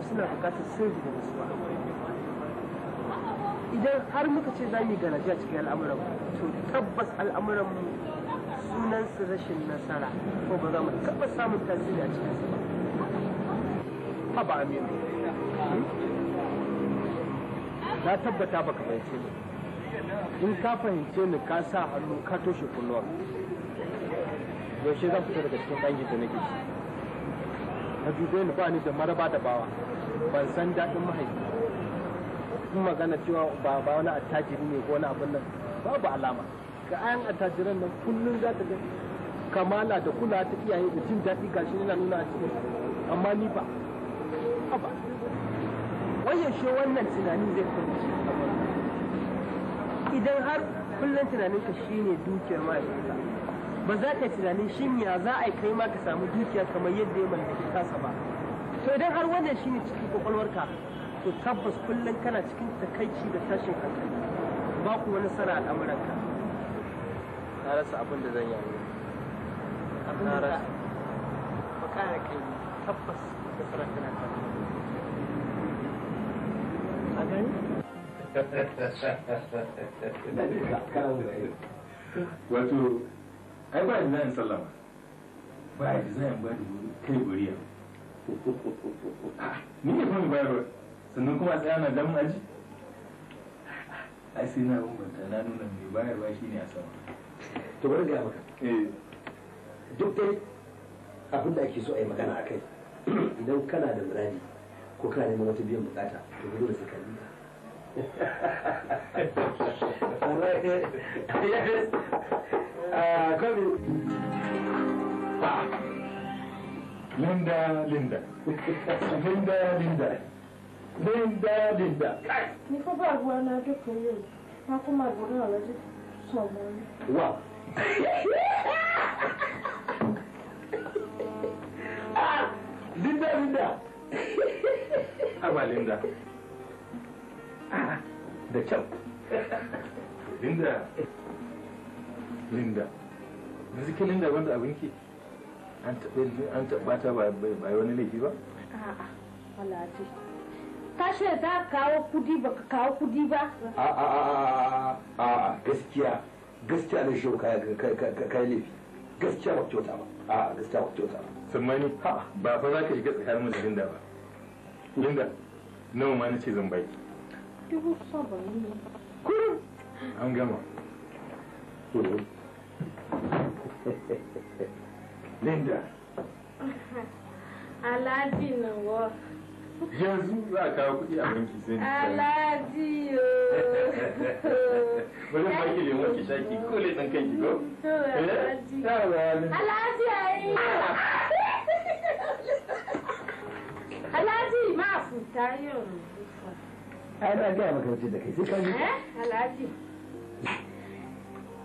mu suna bukatar sirri da nasuwa idan har muka ce za mu yi a cikin al'amuran to tabbas al'amuran mu sunan su rashin nasara ko ba za mu tabbas samun tasiri a cikin su ba ba amin na tabbata baka fahimce ni in ka fahimce ni ka sa hannu ka toshe kunnuwa yaushe za ku fita daga cikin dangin da nake ciki na dubai ba ni da maraba da bawa ban san daɗin mahaifi kun magana cewa ba ba wani attajiri ne ko wani abin nan babu alama ga ayan attajiran nan kullum za ta ga kamala da kula ta iyaye da jin daɗi shi yana nuna a cikin amma ni ba ba wayyashe wannan tunanin zai kwanci idan har kullum tunaninka shine dukiyar mahaifinka ba za ka tunanin shin ya za a yi kai ma ka samu dukiya kamar yadda ya mallaki kasa ba to idan har wannan shi ne cikin kwakwalwarka to tabbas kullum kana cikin takaici da tashin hankali ba ku wani sana al'amuranka na rasa abin da zan yi abin da za ba kara kai tabbas da sana kana a gani wato ai ba design sallama ba design ba da kai guriya ah, ni ne fahimta bayarwa sannan kuma tsaya na damun aji ai sai na bambanta na nuna mai bayarwa shi ne a sama to bari ga maka eh. duk dai abin da ake so a yi magana a kai idan kana da muradi ko kana neman wata biyan bukata to gudu da suka nuna Eh, kare linda linda linda linda linda linda ni fa ba na wa linda linda linda ah, da kyau linda linda yanzu ke linda wanda ke an taɓa ta ba wani laifi ba? a'a wala ce ka ce za ka kawo kudi ba ka kawo kudi ba? a'a gaskiya gaskiya na shau kayan laifi gaskiya ba kyauta ba a'a gaskiya ba kyauta ba tsammani ba fa za ka shiga tsakanin mu linda ba linda nawa ma na ce zan baki dubu saba kurum an gama Linda. Alhaji nawa. Yanzu za a kawo kuɗi a banki sai ni. Alhaji yo. Bari ba ki lemon ki shaki ko le ɗan kanki ko? Alhaji eh, ayi. Alhaji ma futa yau. Ai na gaya maka da kai sai ka ji. Eh, Alhaji.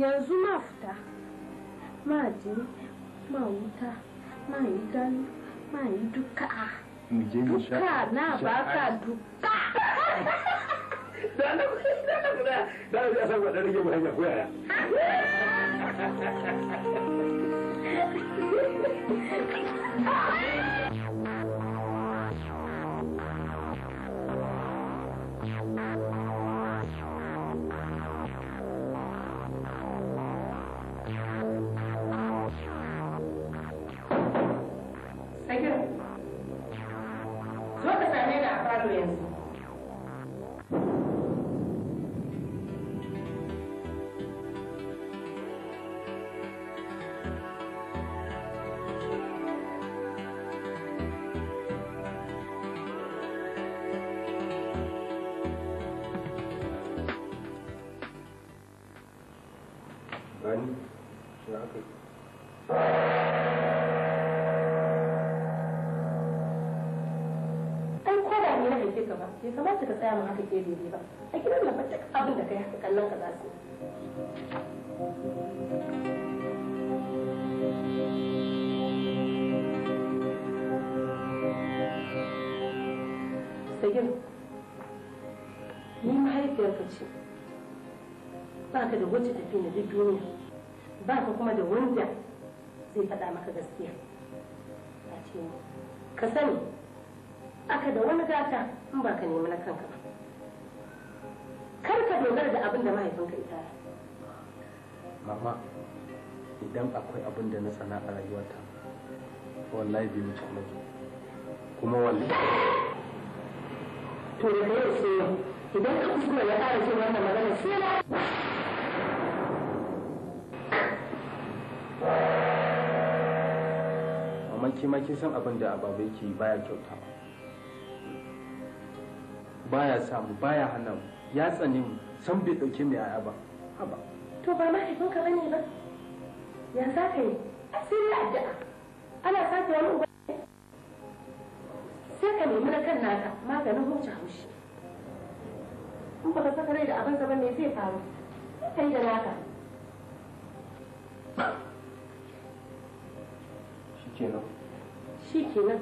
yanzu ma fita ma je ma wuta ma yi ma yi duka duka na duka da na da na da wacce tafi na duk duniya ba ka kuma da wanda zai faɗa maka gaskiya ya ce ka sani aka da wani gata in ba ka nemi na kanka ba kar ka dogara da abin da mahaifinka ita mama idan akwai abin da na sana a rayuwata wallahi bai wuce alaji kuma wallahi to da kai sai idan ka kuskura ya fara cewa wannan magana sai na amma ke ma kin san abin da ababai ke baya kyauta baya samu baya hana mu ya tsane mu san bai dauke mu yaya ba haba to ba mahaifinka bane ba ya za ka yi sai dai addu'a ana sake wani uba sai ka nemi na kan naka maganin huce haushi in ka saka rai da abin ka bane zai faru sai ka yi da naka kenan shi kenan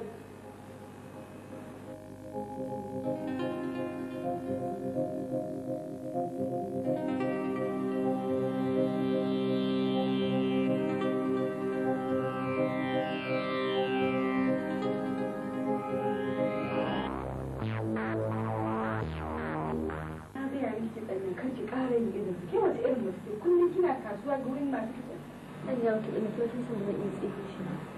kasuwa gurin masu kitso. Zan yawon kiɗa mutum sun zama iya tsefe shi.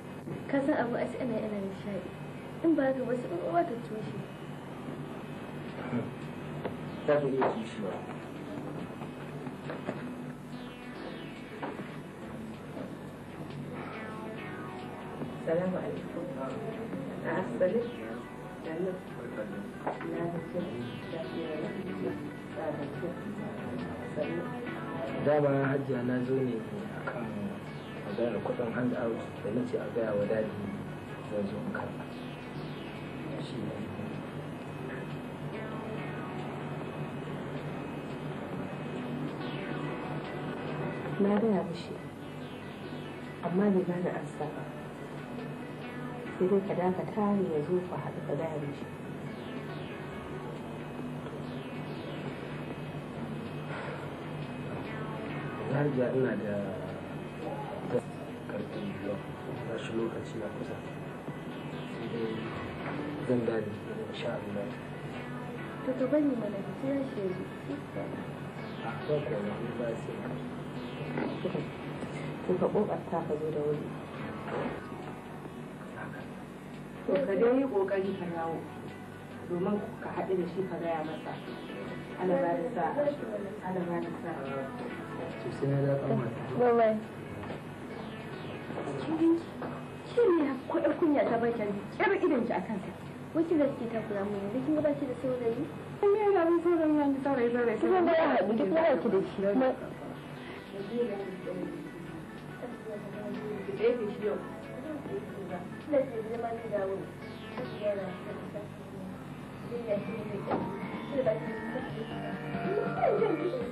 ka san abu a ana yana nishaɗi in ba ka wasu ruwa ta toshe ta ke iya kishiwa salamu alaikum a asali dama hajjiya na zo ne akan magana kudin hand out da na ce a gaya wa dadi zan zo in karɓa shi ne na gaya mishi amma bai bani ansa ba sai dai ka dakata ne ya zo ku haɗu ka gaya mishi Hajiya ina da ba shi lokaci ya kusa eh, zan dade insha Allah to to bani mana sai ya shi a ko ko ba sai to ka kokarta ka zo da wuri to ka dai yi kokari ka dawo domin ka haɗu da shi ka gaya masa ana ba da sa ana ba da sa shi ne ko ɗan kunya ta bai canji ƙyar idan ki a kansa wacce da suke takura mu yanzu kin gabaci da saurayi kuma ya zaɓi saurayi ya saurayi saurayi kuma ba ya haɗu ki da shi Thank you.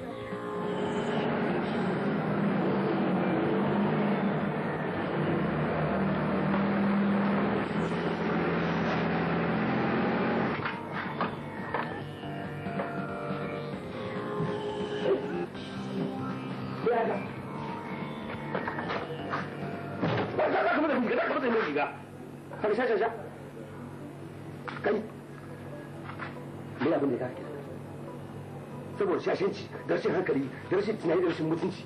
darshin hankali darshin rashin tunani da mutunci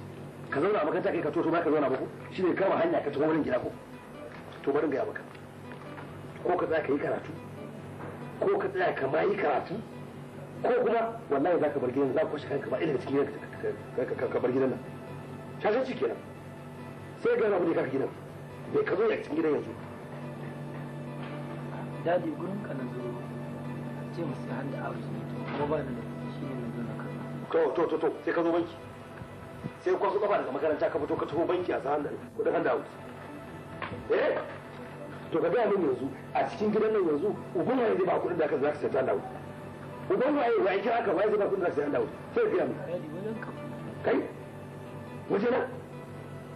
ka zauna a makaranta kai ka toto baka zauna ba ko ne kama hanya ka tafi wurin gida ko to barin ga maka ko ka tsaya ka yi karatu ko ka tsaya ka ma yi karatu ko kuma wallahi za ka bar gidan za ka kwashe kanka ba ina cikin ka bar gidan nan shashanci kenan sai ga rabu ne kaka gidan bai ka zo ya cikin gidan yanzu dadi gurin ka zo ce musu a aure kuma ba da to to to to sai ka zo banki sai kwaso kafa daga makaranta ka fito ka taho banki a sahanda kudin handa wuce eh to ka gaya min yanzu a cikin gidan nan yanzu uban waye zai ba kudin da ka za sai handa wuce uban waye waye kira ka waye zai ba kudin da sai handa wuce sai fiya min kai waje na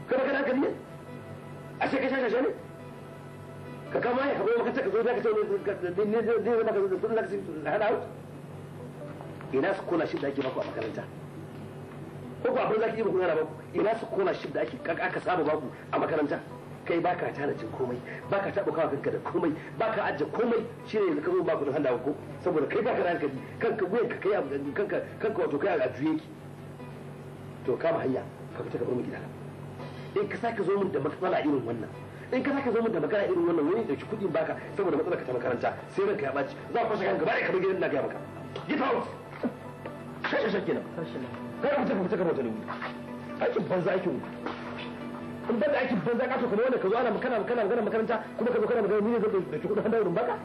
kada kana kalli ne a sai ka shashe ne ka kama ya ka bai ka zo da ka sai ne ne ne ne maka kudin da ka sai handa ina su kona shi da ake baku a makaranta ko ba abin zaki ku yana baku ina su kona shi da ake aka saba baku a makaranta kai baka tanajin komai baka taɓa kawo kanka da komai baka ajje komai shi ne ka zo baku da hannawa ko saboda kai baka da hankali kanka wuyan ka kai a kanka kanka wato kai a juye ki to kama hanya ka fita ka bar mu gidana in ka sake zo min da matsala irin wannan in ka sake zo min da magana irin wannan wani dauki kuɗin baka saboda matsalar ka ta makaranta sai ranka ya ɓaci za ku fashe kanka bare ka bar gidan na gaya maka get out kai da shakina kai da mutum ka mutum da wuri aikin banza aikin wuri in ban da aikin banza kato kamar wanda ka zo ana makana makana magana makaranta kuma ka zo kana magana ni ne da ki kudin handawurin baka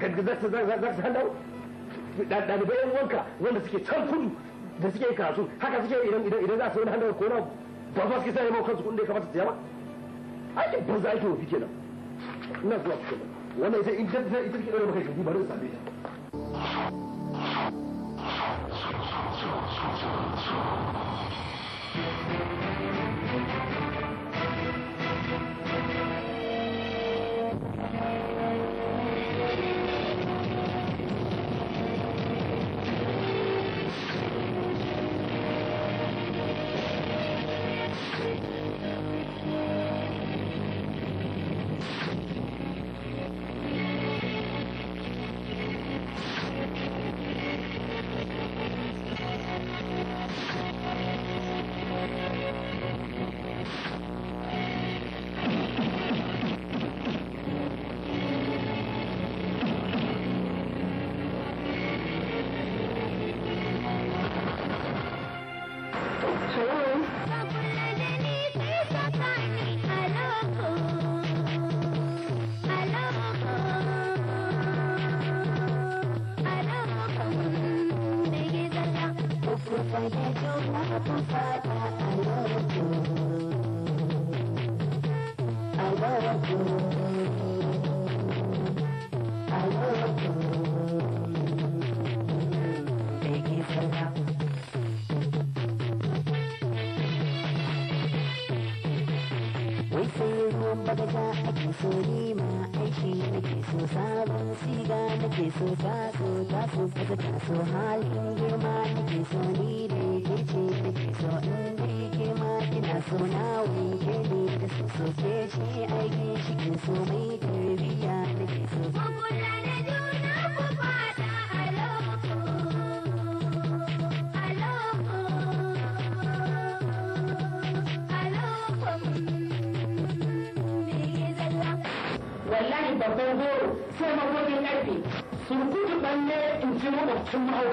ka za su za su handawu ɗalibai yan wanka wanda suke can kudu da suke kasu haka suke idan idan idan za su wani handawar ko na ba ba suke sai kansu kudin da ya kamata su yaba aikin banza aikin wuri kenan ina zuwa cikin wannan ita ita ita take ɗaure maka shi ba don same Thank you.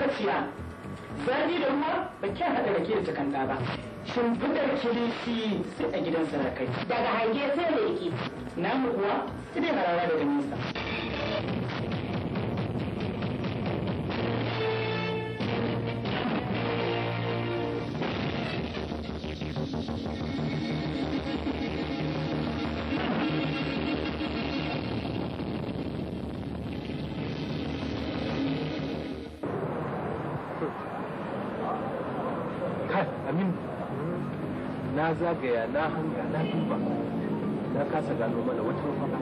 maciya zafi da ruwa ba kyan haɗa da ke da takanda ba shimfidar kilishi sai a gidan sarakai daga hange sai da yake namu kuwa sai dai harawa daga nesa zagaya na hanga na duba na kasa gano mana wata mafaka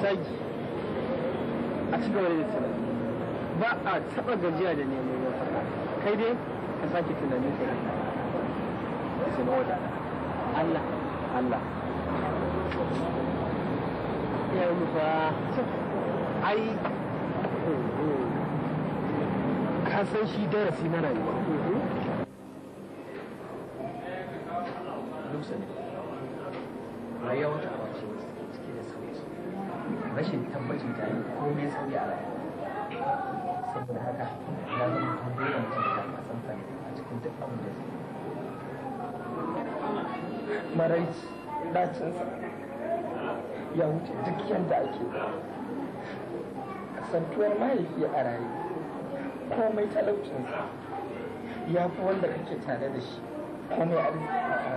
sai a ci gaba da tunani ba a taɓa gajiya da neman mafaka kai dai ka sake tunani ka yi sai mawada Allah Allah ya yi mufa ai san shi darasi na rayuwa rayuwa wata abu ce cike da sauye rashin tabbacin ta yi komai sauye a rayuwa saboda haka ya zama kuma dole mutum ya kasan ta a cikin duk abin da zai maraici dacinsa ya wuce duk yadda ake kasantuwar mahaifi a rayuwa komai talaucinsa ya fi wanda kake tare da shi komai arziki a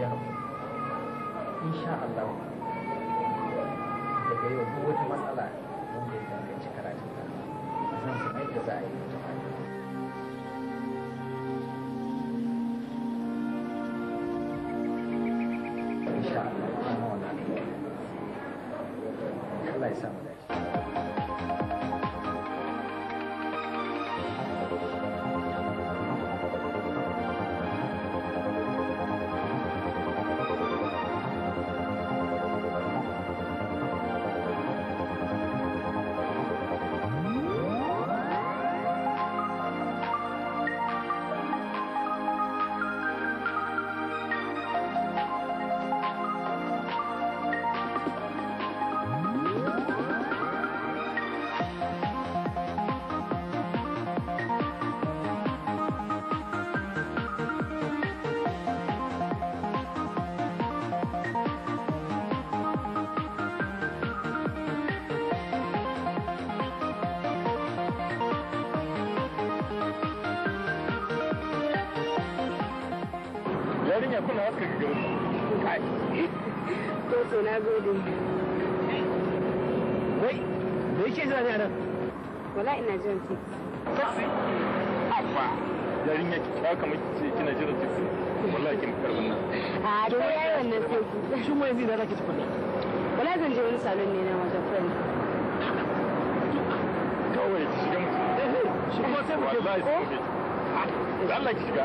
rayu insha Allah daga yau duk wata matsala wanda ya danganci karatun zan san yadda za a yi gode. Wai, da yake jira ne a nan? Wala ina jiran ki. Amma, yarin ya ki ta kamar ce kina jiran ki. Wallahi kin karbin nan. A to yayi wannan sai. Shin wai zai da zaki tukuna? Wala zan je wani salon ne na wajen friend. Kawai ki shiga mutum. Eh, shi kuma sai mu ke ba. Allah ki shiga.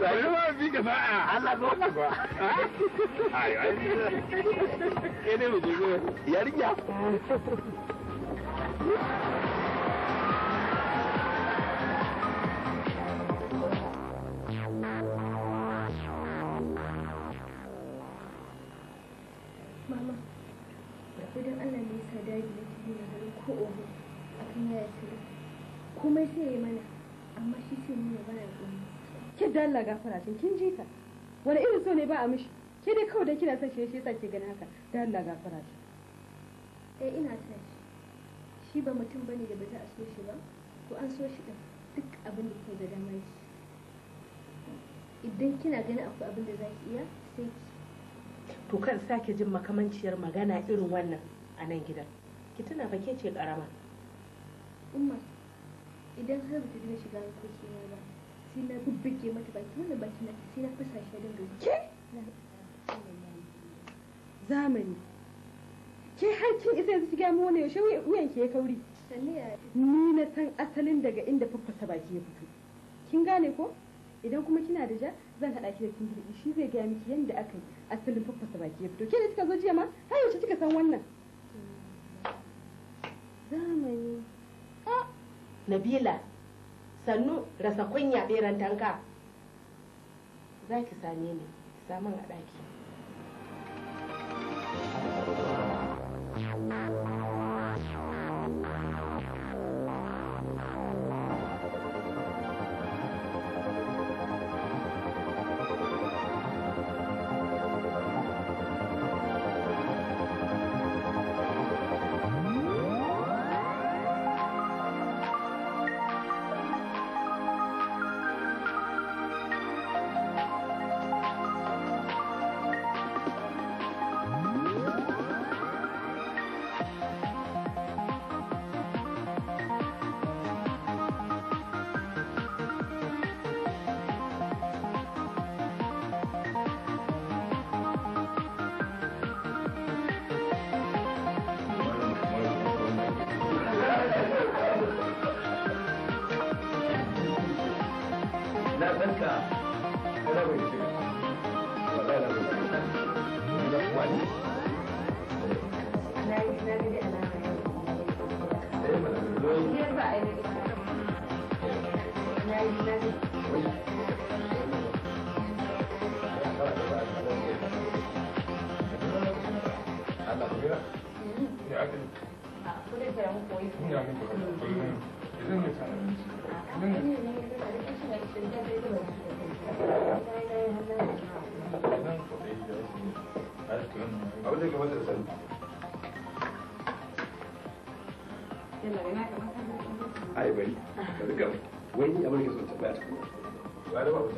Bari ma bi ka sa'a. Allah zo ka kuwa. Ayo, ayo. Ke ne mu je gobe. Yarinya. Mama, da Allah ne yasa dadi na cikin nazarin ko oho a kan yaya Kuma sai ya mana, amma shi sai nuna baya ƙuni. ki da Allah gafara tun kin ji ta wani irin so ne ba a mishi ke dai kawai da kina son shi shi yasa ke gani haka da Allah gafara shi eh ina son shi shi ba mutum bane da ba za a so shi ba ko an so shi din duk abin da ke da dama shi idan kina ganin akwai abin da za ki iya sai ki to kan sake jin makamanciyar magana irin wannan a nan gidan ki tuna fa ke ce karama umma idan har ba ta shiga harkokin sai na bubbuge mata baki wannan baki na sai na fasa shi ke zamani ke har isa yanzu kiga mu wannan yaushe wuyan ke kauri ni na san asalin daga inda faffasa baki ya fito kin gane ko idan kuma kina da ja zan haɗa ki da kindirɗi shi zai gaya miki yadda aka yi asalin baki ya fito ke da kika zo jiya ma har yaushe kika san wannan hmm. zamani ah. nabila sannu rasa kunya ɓeran tanka za ki same ni samun a ɗaki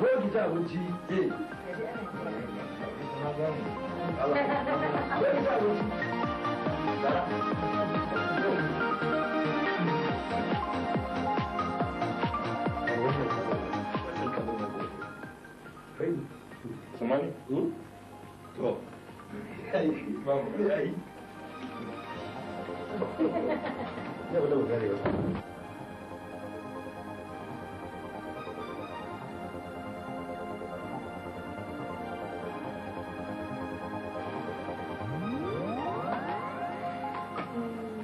ko ki ci abinci ke Samani? Hmm? To. Vamos. Aí.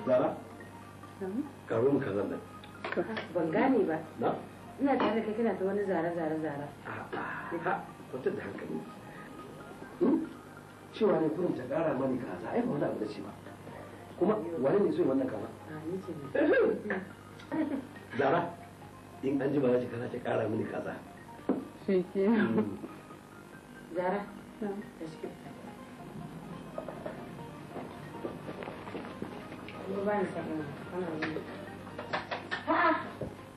Zara? Karo mu kazan nan. Ban gane ba. Na? Ina tare kai kana ta wani zara zara zara. Ha, kwata da hankali. Hmm? Cewa ne kurin ta kara mani kaza, ai ba wani abu da ce ba. Kuma wani ne so wannan kaza? Zara, in an ji ba za ki kana ta kara mini kaza. Shi ke. Hmm. Zara, ta shi ba yi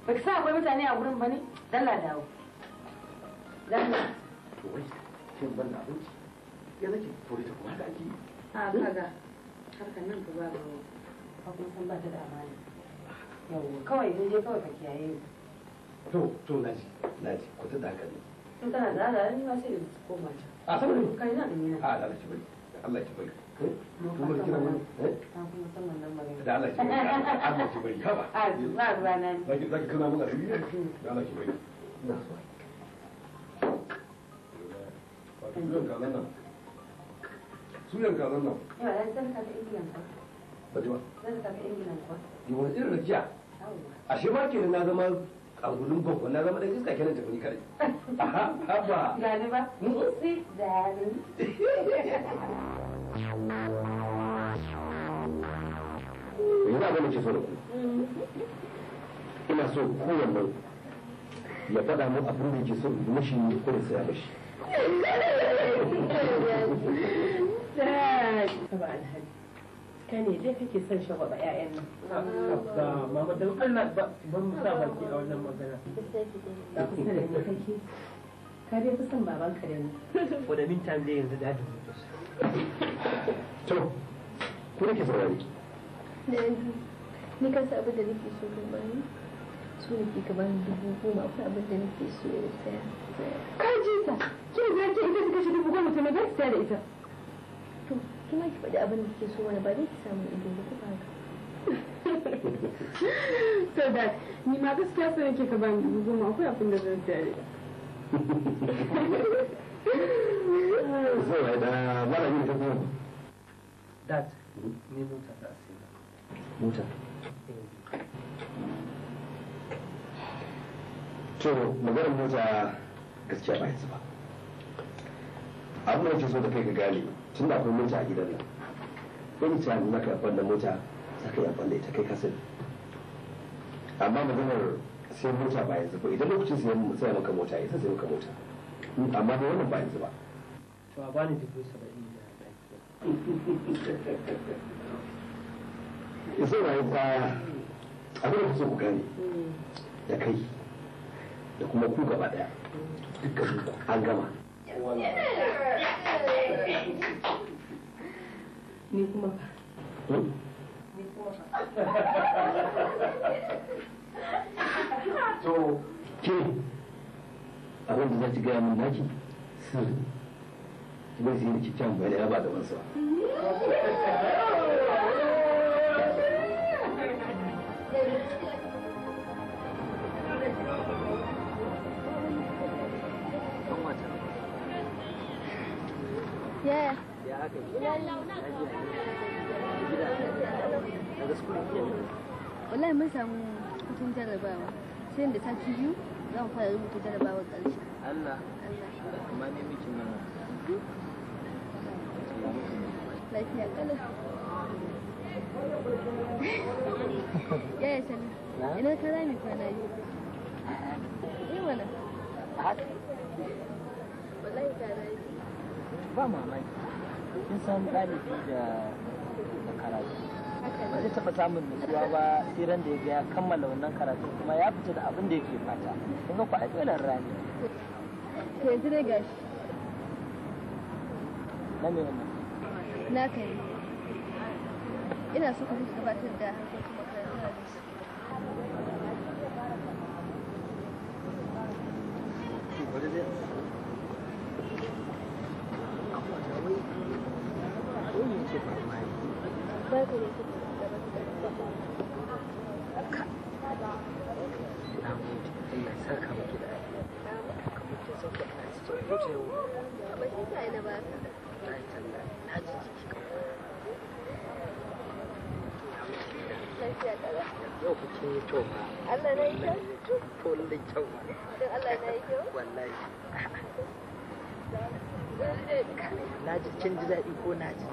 ba sa akwai mutane a wurin ba ne dalla dawo dalla to wai kin ban abinci ya nake kore ta kuma da ake yi a kaga harkar nan ba ba ba san ba ta da amana kawai dai dai kawai ka kiyaye to to naji naji ku ta in tana da ni ma sai ko ma a saboda kai na bai Allah ya tabbata eh kuma kira wani da Allah bari Allah bari a zuwa nan zaki zaki kana mun da Allah bari wato kazan nan kazan nan zan tafi irin rajiya ashe ma kenan na zama a bango na zama iska kenan tafi ni kare aha haba gani ba da yanzu abin da so ya faɗa mu abin da ke so mashi ko saya ka ne dai kake son shagwaba ƴaƴan nan. kusa da ni kake. Ka fi son baban ka da ni. For the meantime dai yanzu to ko nake saurari eh, ni ka sa abin da nake so ka bani so nake ka bani dubu goma akwai abin da nake so ya saya ka ji ta ki ga ki ita ta kashe dubu goma ta da ita to kuma ki faɗi abin da kike so wani ba zai ki samu ido ba ko ba so that ni ma gaskiya so nake ka bani dubu goma akwai abin da zan saya da ita saboda da malamin da eh. to maganar mota gaskiya ba yanzu ba abin da ke so da kai ka gane tun da akwai mota a gidan nan wani ta yi da mota za ka da ita kai amma maganar sai mota ba yanzu ba idan lokacin sai maka mota ya sai maka mota amma da wannan ba yanzu ba to a bani dubu saba'in da yanzu na yi baya abin da kusa ku gane da kai da kuma ku gaba daya dukkan an gama ni hmm? ni kuma ba to ke abin da za ki gaya min naki sirri zai sai da kyakkyawan bayani ya ba da wansa Yeah. mun samu hutun jarrabawa sai da sati biyu zan fara rubuta jarabawar ƙarshe Allah Allah amma ne miki mana lafiya yaya sani ina ka kwana yi mana wallahi ka ba mamaki kin ɗalibi da karatu ba zai taɓa samun nutsuwa ba sai da ya ga ya kammala wannan karatu kuma ya fita da abin da yake fata kun ga kwaɗa dole rani yanzu dai gashi na me wannan na kai ina so ka musu gabatar da harkokin makarantar da su What is kin ji daɗi ko na ji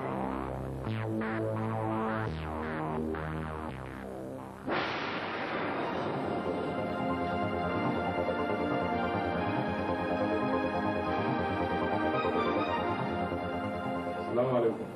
Assalamu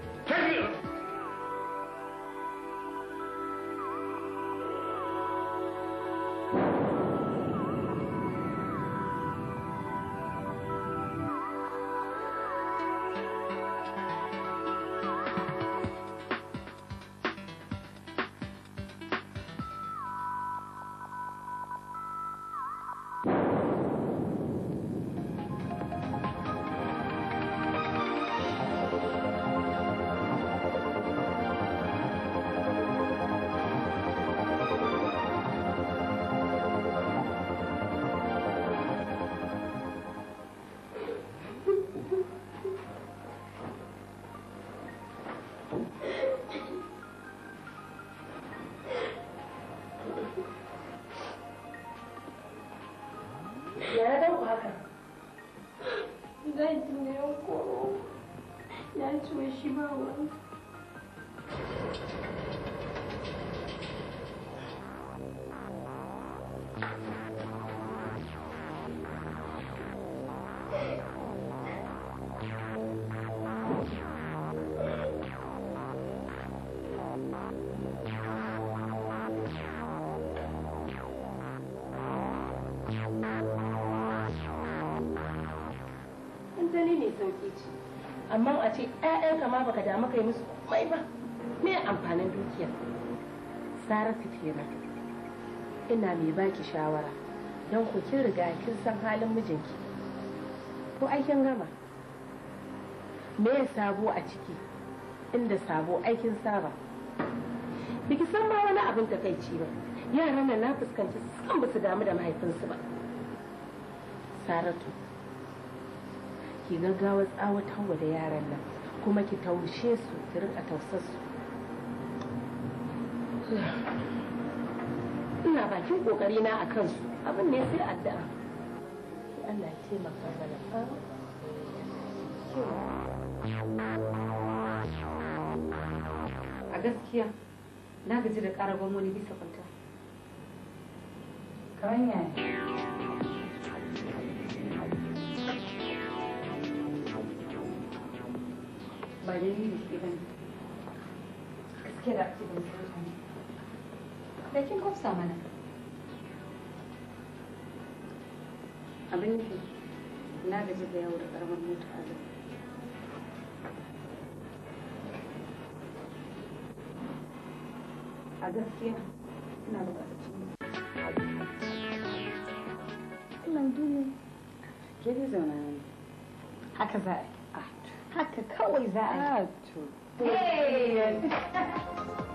ƴaƴanka ma baka damu kai musu komai ba me amfanin dukiya saratu kenan ina mai baki shawara don ku kin riga kin san halin mijinki ko aikin gama me ya sabo a ciki inda sabo aikin saba biki san ma wani abin takaici ba yaran nan na fuskanci san ba su damu da mahaifinsu ba saratu ki gaggawa tsawatarwa da yaran nan kuma ki taushe su ki rinka tausar su ina bakin kokari na a kansu abin ne sai addu'a Allah ya taimaka mana a gaskiya na gaji da ƙara wani bisa kwanta. Kamar ne ba dalili na gaji da yawo da karamar mota a zai a gaskiya ina bukatar cin Allah duniya ke dai zauna haka za a yi haka kawai za a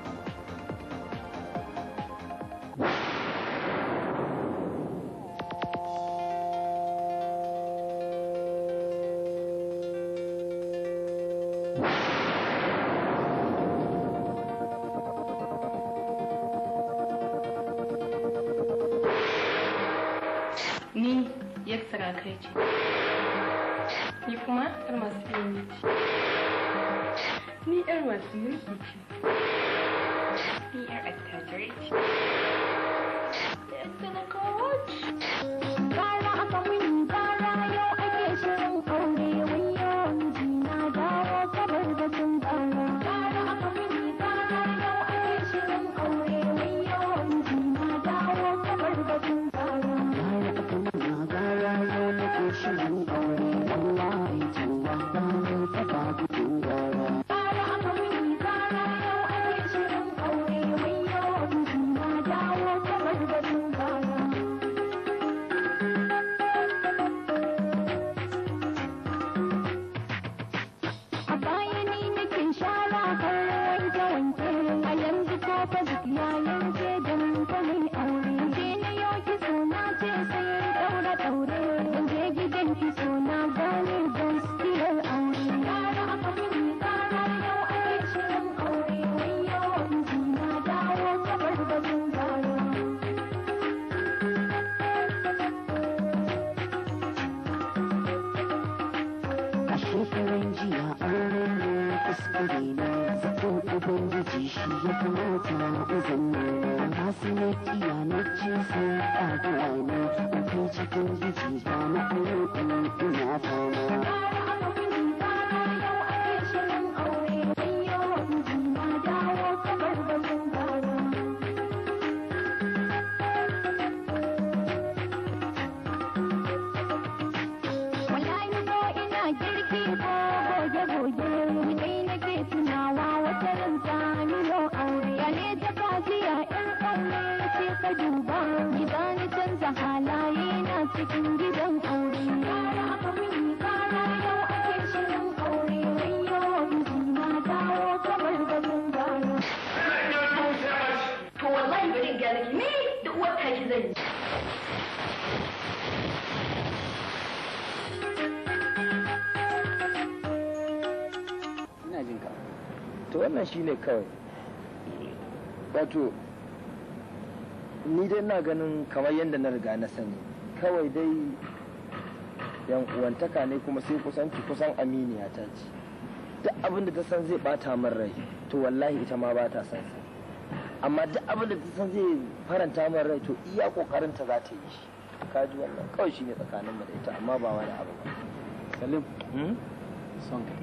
wannan ne kawai wato ni dai na ganin kamar yadda na riga na sani kawai dai yan uwantaka ne kuma sai kusan ki kusan aminiya ta ce duk abin da ta san zai bata min rai to wallahi ita ma ba ta san sa amma duk abin da ta san zai faranta min rai to iya kokarin ta za ta yi shi ka ji wannan kawai shi ne tsakanin mu da ita amma ba wani abu ba salim hmm? son ka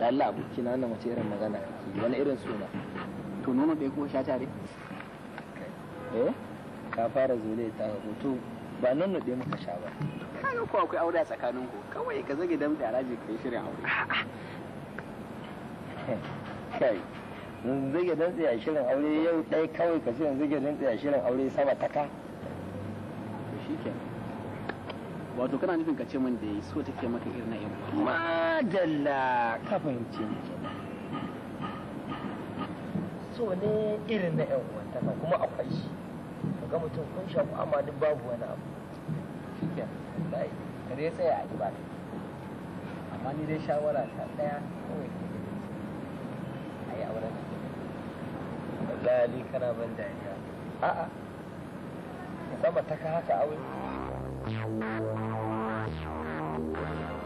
da Allah abokin na wace irin magana kake wani irin suna to nono ɗaya kuma sha tare eh ka fara zule ta hoto ba nono dai muka sha ba kana ko akwai aure a tsakanin ku kawai ka zage dan da alaji kai shirin aure kai mun zage dan tsaya shirin aure yau ɗaya kawai ka ce yanzu zage dan tsaya shirin aure sama ta ka shikenan wato kana nufin ka ce min da so take maka irin na yan madalla ka fahimce ni so ne irin na yan uwa ta kuma akwai shi ga mutum kun shaku amma duk babu wani abu shike bai kare ya yi ba amma ni dai shawara ta daya kawai a yi auren wallahi kana ban dariya a'a sama ta ka haka aure Thank you.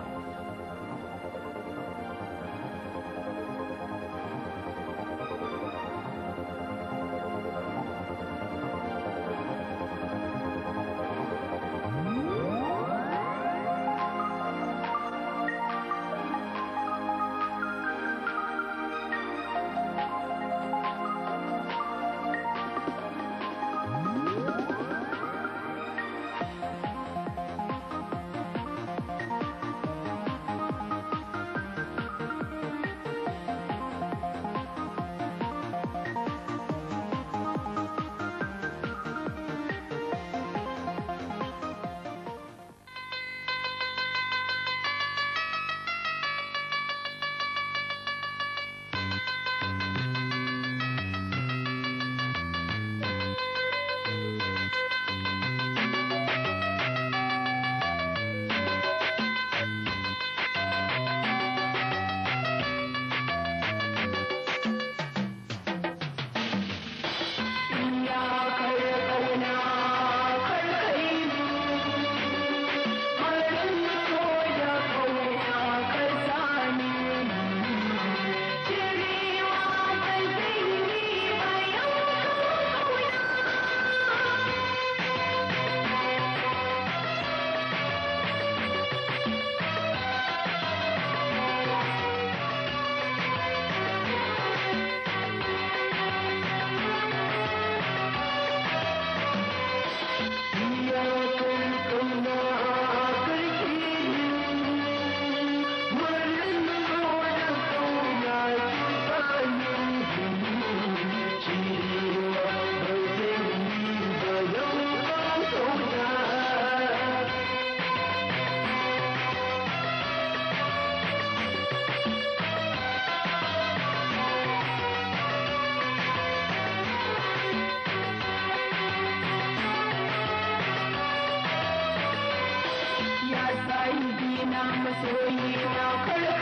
numb, so we need no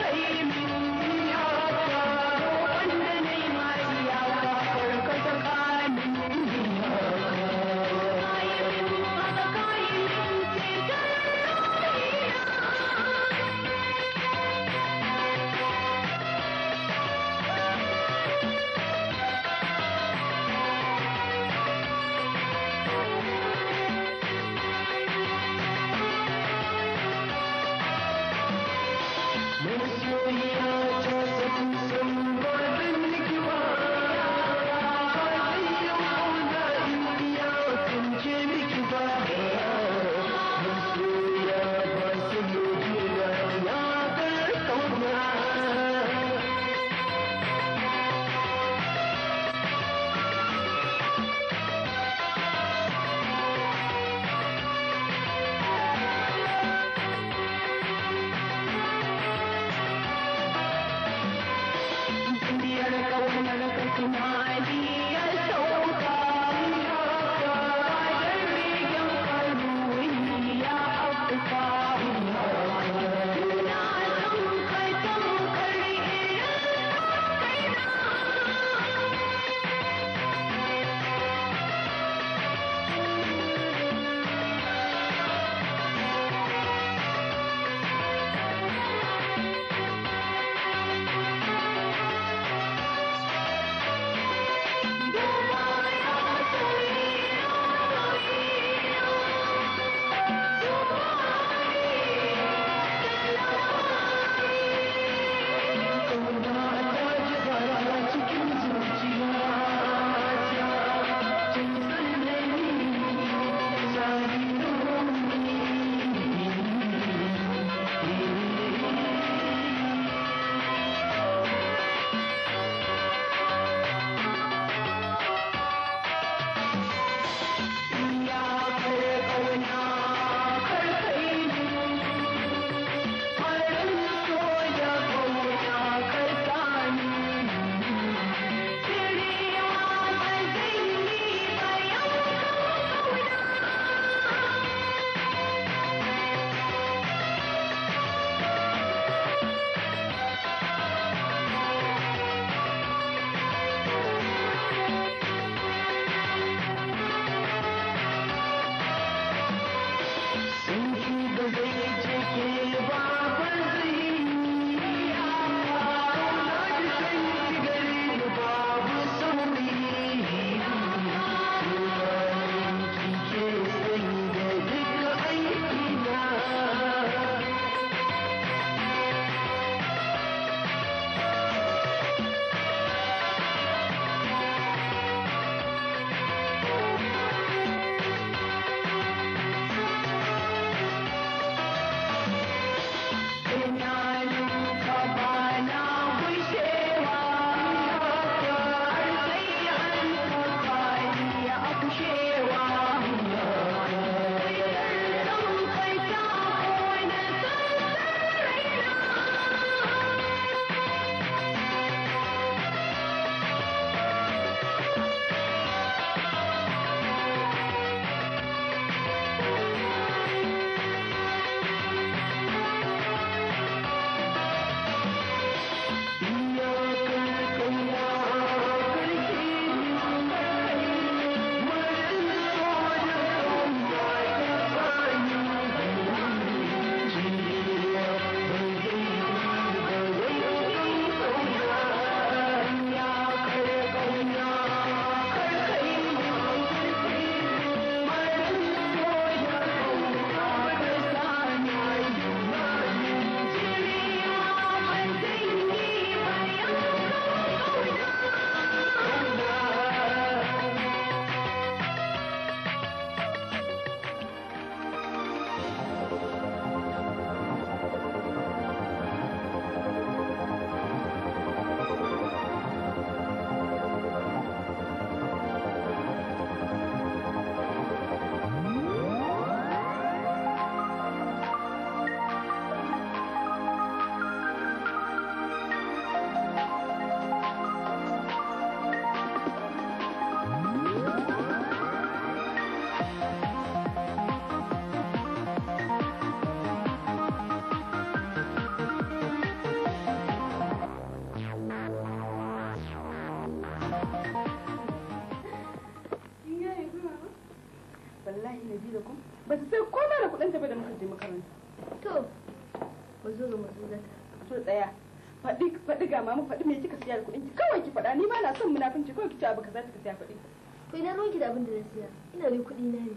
da abin da na siya ina mai kuɗi na ne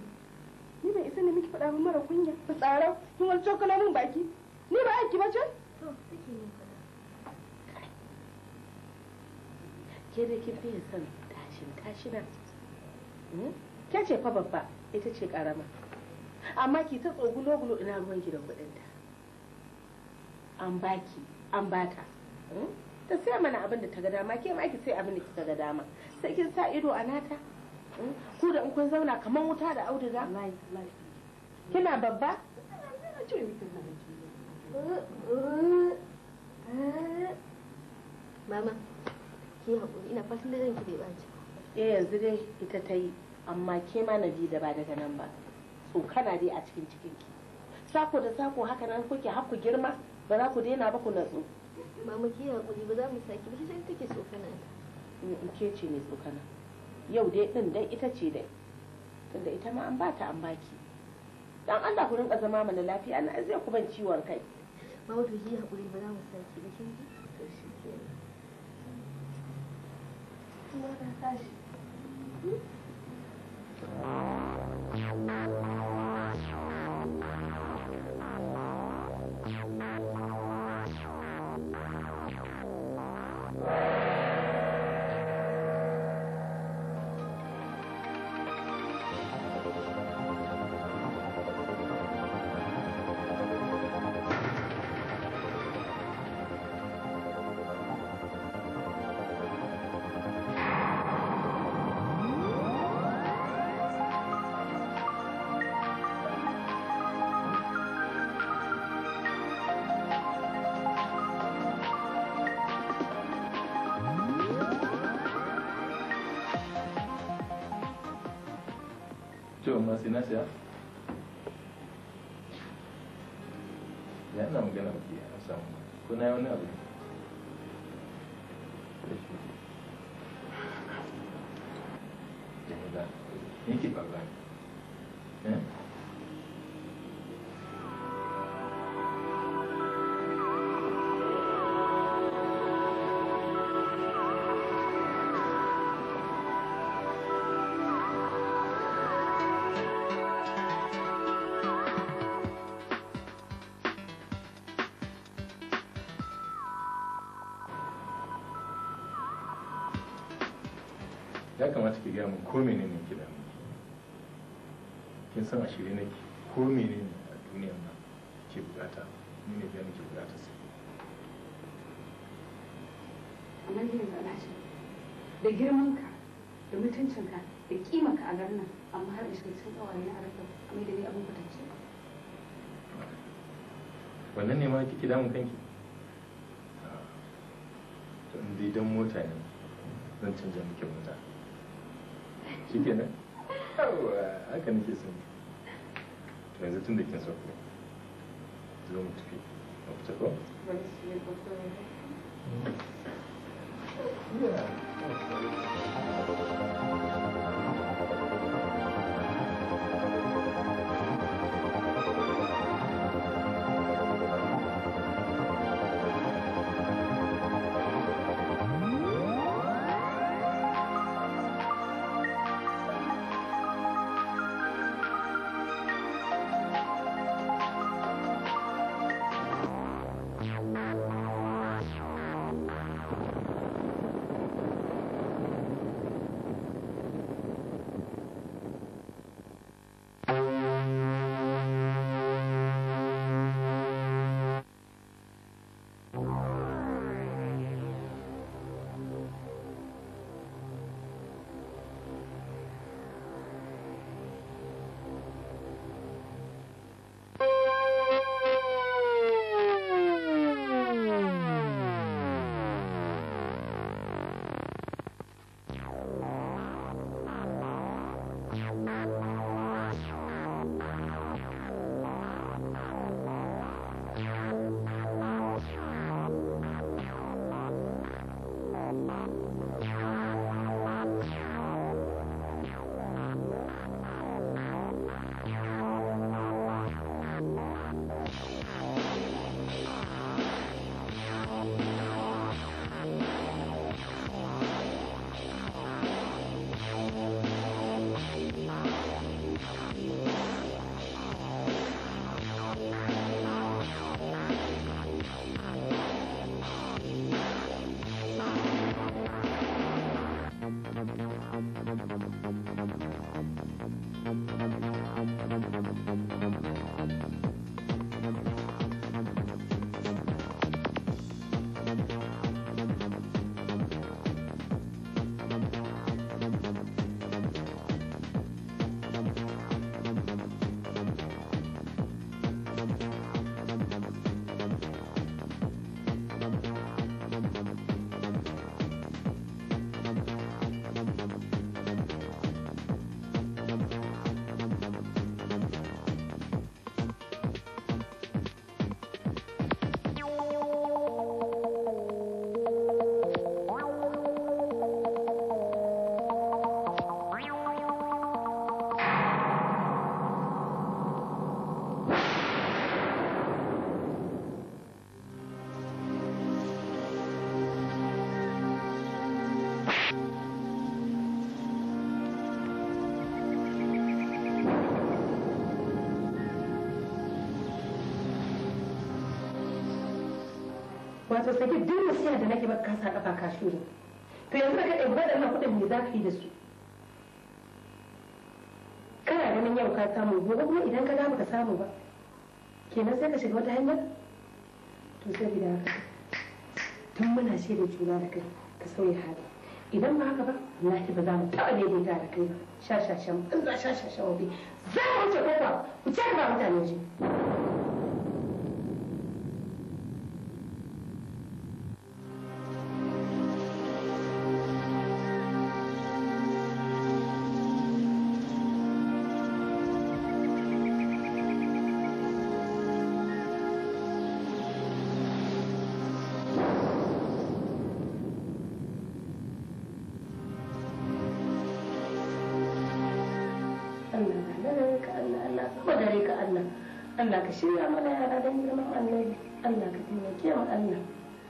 ni bai isa ne miki faɗa min mara kunya ba tsara kin wani cokala min baki ni ba aiki ba ce to take ne ke da kin fiye son tashin tashina hmm? ke ce fa babba ita ce karama amma ki ta tsogulo gulo ina ruwan gidan kuɗinta an baki an bata hmm? ta sai mana abin da ta ga dama ke ma ki sai abin da ta ga dama sai kin sa ido a nata ku da in kun zauna kamar wuta da auduga kina babba mama ki haƙuri ina fatan da ranki bai ɓaci eh yanzu dai ita ta yi amma ke ma na da ba daga nan ba so kana dai a cikin cikin ki sako da sako haka nan kuke har ku girma ba za ku daina ba ku natsu mama ki haƙuri ba za mu saki ba shi take so tsokana mm, mm, ke ce mai tsokana yau dai din dai ita ce dai tunda ita ma an bata an baki dan Allah ku rinka zama mana lafiya na zai ku ban ciwon kai ba wato ki hakuri ba za mu saki ba kin ji to shi ke kuma ta tashi hmm? Yeah. kamata ki gaya min ko menene ki da kin san a shirye nake ko menene a duniyar nan ke bukata ni ne biya nake bukata sai nan ne zana ce da girman ka da mutuncin ka da kima ka a garin nan amma har ishe cikin tsawaye na arafa mai da ni abin kwatance wannan ne ma kike damun kanki ah, to in dai dan mota ne zan canja muke mota shi ke nan yawa haka nake son to yanzu tun da kin sauko mu tafi ko hmm. Yeah. wato sake duk nasiha da nake ba kasa kafa ka ne? to yanzu ka ɗauki waɗannan kuɗin me za ka yi da su kana ganin yau ka samu gobe kuma idan ka gama ka samu ba kenan sai ka shiga wata hanya to saboda haka tun muna shaida juna da kai ka sauya hali idan ba haka ba wallahi ba za mu taɓa daidaita da kai ba sha sha shan banza sha sha wabi za mu wuce kofa ku ce ba mutane ji. ka shirya mana yara don girman annabi Allah ka taimake mu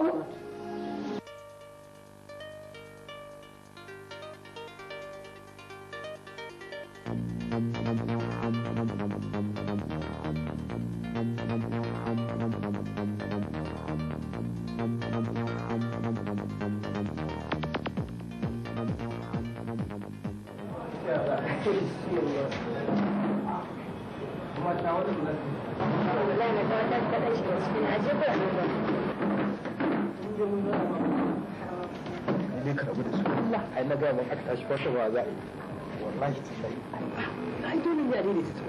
Allah koya min aka tashi ba za a yi wallahi ta ai dole ne a daidaita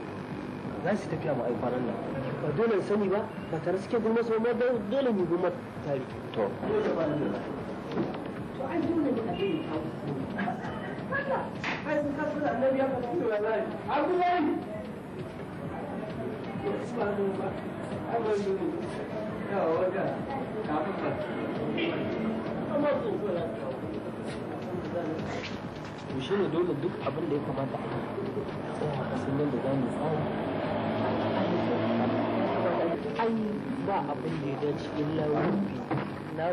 za su tafiya ma ai kwanan nan ba dole sani ba ba tare suke gulma su ba dole ne gulma tare to dole ba ne to ai dole ne a daidaita ai sun kasu da annabi ya faɗa cewa zai abdullahi Yawa wajen, kafin ba. Amma sun so lafiya. to shi ne dole duk abin da ya kamata a sai a nan da za mu tsara an ba abin da ya dace illa rufi na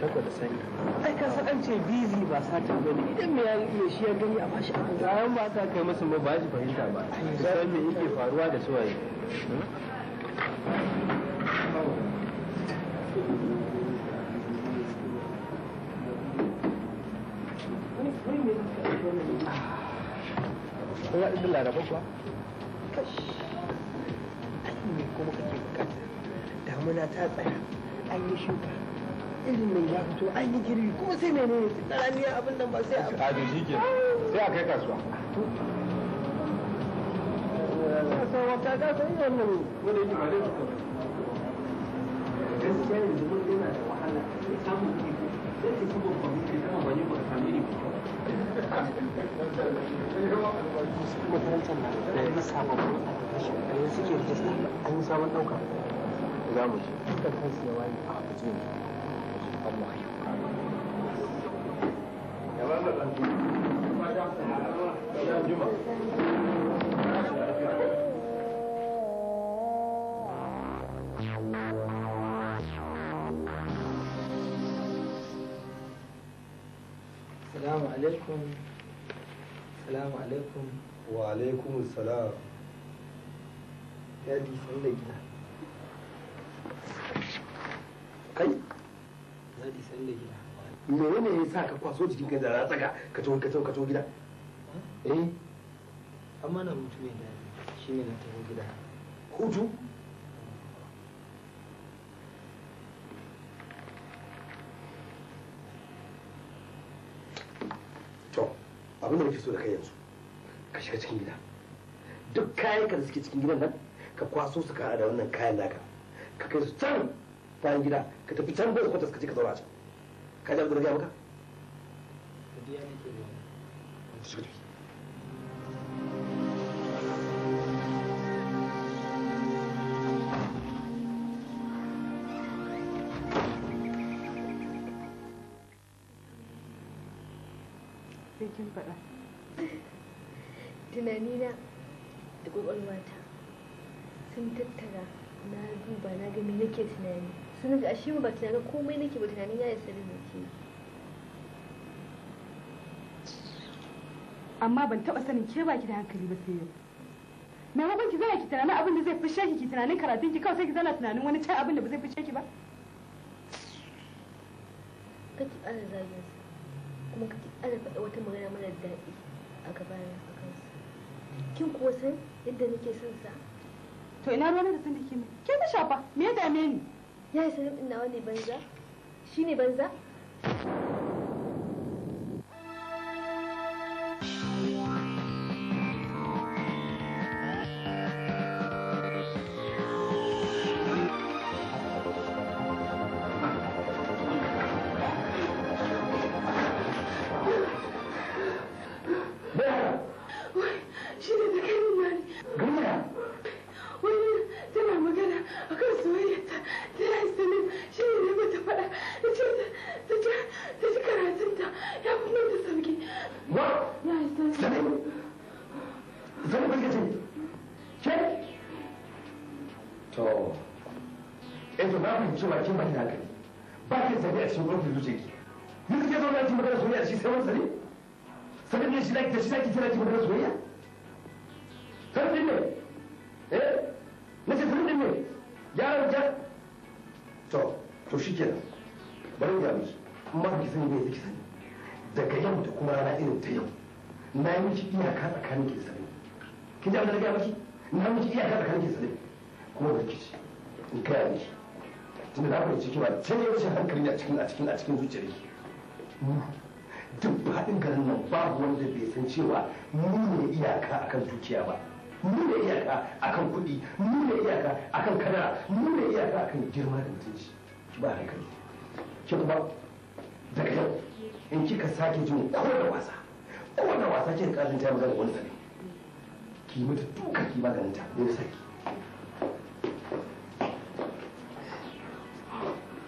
tako da sani ai kasa an ce busy ba satin bane idan me ya iya shi ya gani a bashi abin bayan ba ta kai masu ba ba shi fahimta ba sai me yake faruwa da suwaye hmm? ya ɗin laraba kuwa me kuma kake bukata damuna ta tsaya an yi shuka ilimin ya fito an yi girbi kuma sai ne tsaraniya abin da ba sai a a shi ke sai a kai kasuwa kasuwa ta wannan wani yi ba zai gaskiya yanzu mun yana da wahala samun sai kuma ba ka sami makarantar na yanzu sababbin da yanzu ke rijista an yi sabon ɗauka za mu ji dukkan kansu ya a alaikum salamu alaikum wa alaikum salam ya ji san da gida kai ya ji san da gida me ne ya sa ka kwaso jikin ka zara tsaka ka to ka to ka to gida eh, eh? amma na mutum ne da shi ne na tafi gida hutu abin da muke so da kai yanzu ka shiga cikin gida duk kayan ka da suke cikin gidan nan ka kwaso su ka da wannan kayan naka ka kai su can bayan gida ka tafi can bai kwatas ka je ka zauna can ka ji abin da maka? Ka biya kin faɗa tunanina da ƙwaƙwalwata sun tattara na duba na ga mai nake tunani sun ga ashe ba tunanin komai nake ba tunanin ya isa da amma ban taɓa sanin ke baki da hankali ba sai yau maimakon ki zana ki tunanin abin da zai fi shaki ki tunanin karatun ki kawai sai ki zana tunanin wani can abin da ba zai fi shaki ba kake ƙara zagin kuma kake ana faɗa wata magana mara daɗi a gabana a kansa kin kuwa san yadda nake son sa to ina ruwa da san ke mai ke ta shafa me ya dame ni ya yi sanin ina wani banza shi ne banza zan yi ziki daga yau da kuma rana irin ta yau na yi miki iyaka tsakanin ke sani kin ji abin da gaya miki na miki iyaka tsakanin ke sani kuma da kici ci in gaya miki tunda na fahimci kima can yau ce hankali ne a cikin a cikin a cikin zuciyar ki duk faɗin garin nan babu wanda bai san cewa ni ne iyaka akan dukiya ba mu ne iyaka akan kuɗi mu ne iyaka akan kadara mu ne iyaka akan girma da mutunci ba hankali kin ba daga yau in kika sake jin kowane wasa kowane wasa kika kalin ta magana wani sani ki mata duka ki magana ta da saki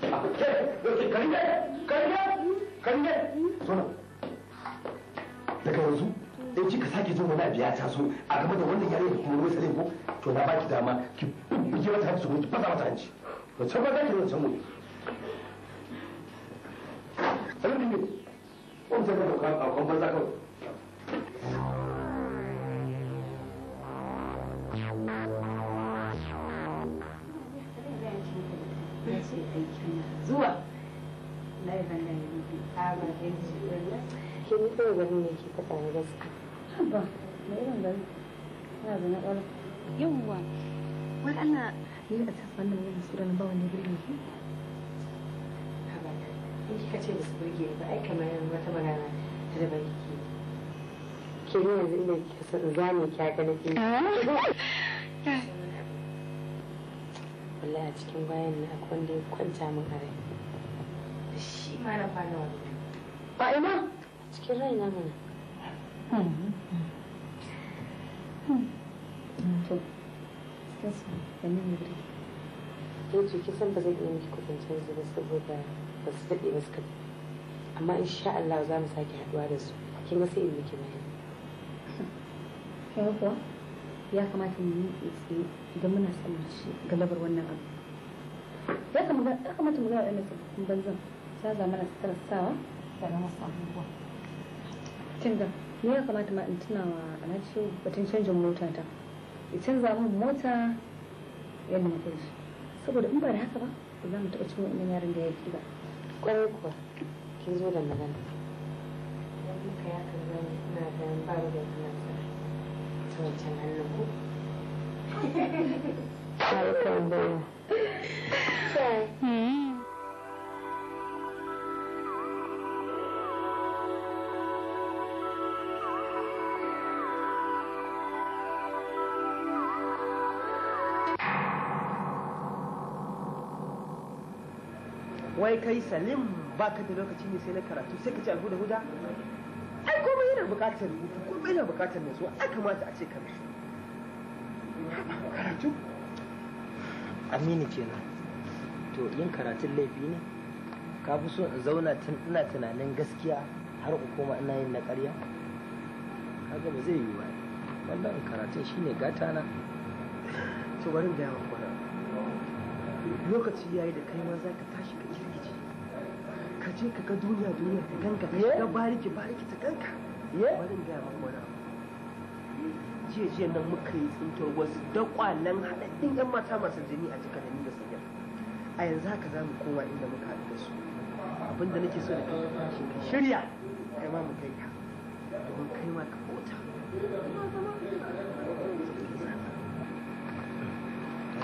daga yanzu in kika sake jin wani abu ya taso a game da wannan yare da kuma wani ko to na baki dama ki bige mata hanci ki fasa mata hanci to can ba za ki zo can mu sanar ah, da ne ko mutum ka dauka a kwan banza kawai zuwa ke ni kawai ne ke tafa da gaske ba na irin gani na ƙwarar yawwa wai ana ni a tafa da wani sura na bawa ne birni in kika ce su burge ba ai kamar wata magana ta da baki ke ne yanzu ina kika so in zame ki haka nake wallahi a cikin bayan na akwai wanda ya kwanta min a rai da shi ma na kwana wani ba ina A cikin rai na mana to sai su da ni ne ki san ba zai iya miki kudin canji ba saboda ba su daɗe ba suka amma insha Allah za mu sake haɗuwa da su kin ga sai in miki bayani kin ya kamata mu yi tsaye idan muna son mu ci galabar wannan abu ya kamata mu ga wa'annan sabbin banzan sa za mana tara sawa da na masu abubuwa kin ne ya kamata ma in tuna wa alhaji batun canjin mota ta ya canza min mota yadda na kai shi saboda in ba da haka ba ba za mu taɓa cin wa'annan yaran da ya ba kwarai kuwa zo da magana ya kan zama ba da tana ta wancan hannun ku wai kai salim ba ka da lokaci ne sai na karatu sai ka ci alhuda huda ai kuma yana bukatar rubutu ko yana bukatar nasuwa ai kamata a ce ka nutsu karatu aminu kenan to yin karatun laifi ne ka fi so in zauna tun ina tunanin gaskiya har ku koma ina yin na ƙarya kaga ba zai yi ba wannan karatun shine gata na to bari da yawa kwana lokaci yayi da kai ma za ka tashi ka ci je ka ga duniya duniya ta ka ga bariki bariki ta ganka bari ga maka wani je je nan muka yi tsintar wasu dakwalan haɗaɗɗin yan mata masu jini a jika da ni da sanyar a yanzu haka za mu koma inda muka haɗu da su abinda nake so da kai ka fashi ka shirya kai ma mu kai ka domin kai ma ka kota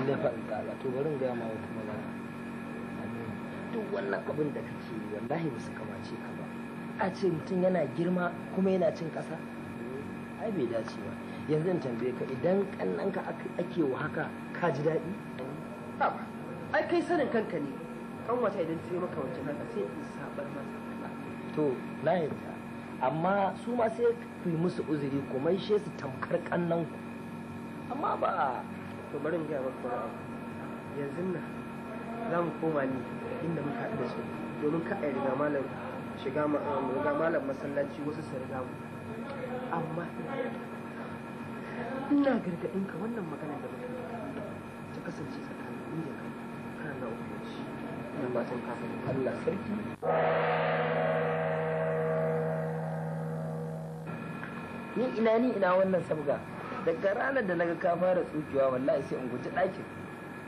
Allah ya faɗi Allah to bari mu ga ma wata magana duk wannan abin da kake yi wallahi ba su kamace ka ba a ce mutum yana girma kuma yana cin ƙasa ai bai dace ba yanzu in tambaye ka idan kannanka ake wa haka ka ji daɗi ai kai sanin kanka ne kan wata idan ta yi maka wancan haka sai in sabar masa to na yadda amma su ma sai ku yi musu uzuri ku maishe su tamkar kannanku amma ba to bari in gaya maka yanzu nan za mu koma ne inda muka haɗu da su domin ka a riga malam shiga um, riga malam masallaci wasu su riga mu amma ina gargaɗin ka wannan magana da mutum ta kasance tsakanin ni da kai kana na hukunci ina fatan ka fahimta Allah sarki ni ina ni ina wannan sabga daga ranar da naga ka fara tsukewa wallahi sai in guji ɗakin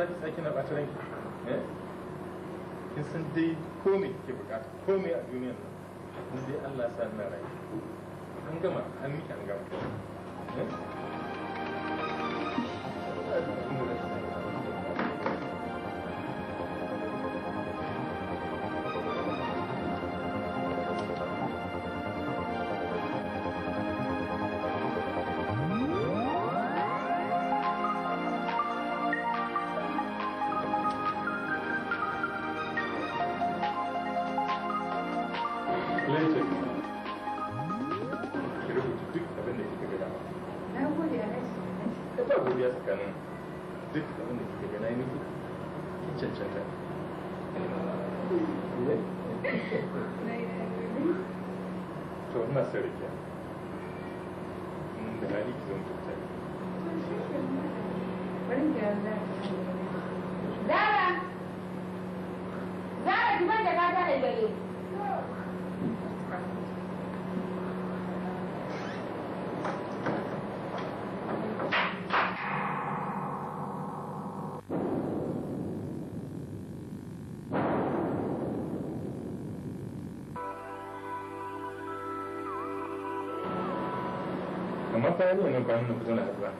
za ki tsaki na ɓata ranki eh? kin san dai ko me kike bukata ko a duniyar nan dai Allah ya sa na rai an gama an miki an gama eh? ayé òní kan nínú kúndùn àdúrà.